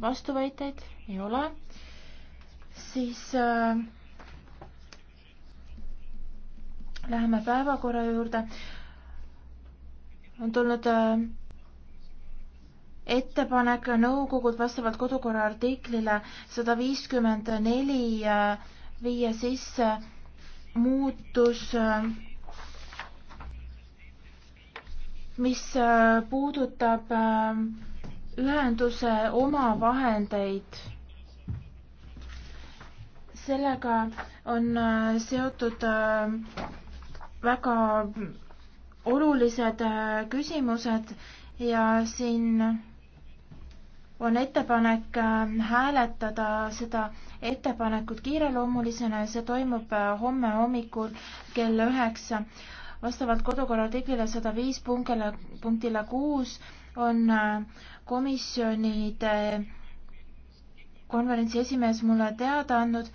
vastuväiteid ei ole, siis äh, läheme päevakorra juurde. on tulnud äh, ettepanek nõukogult vastavalt kodukorra artiklile sada viiskümmend neli äh, viia sisse muutus äh, mis äh, puudutab äh, ühenduse omavahendeid. sellega on äh, seotud äh, väga olulised äh, küsimused ja siin on ettepanek hääletada seda ettepanekut kiireloomulisena ja see toimub homme hommikul kell üheksa vastavalt kodukorra artiklile sada viis punktile, punktile kuus on äh, komisjonide konverentsi esimees mulle teada andnud,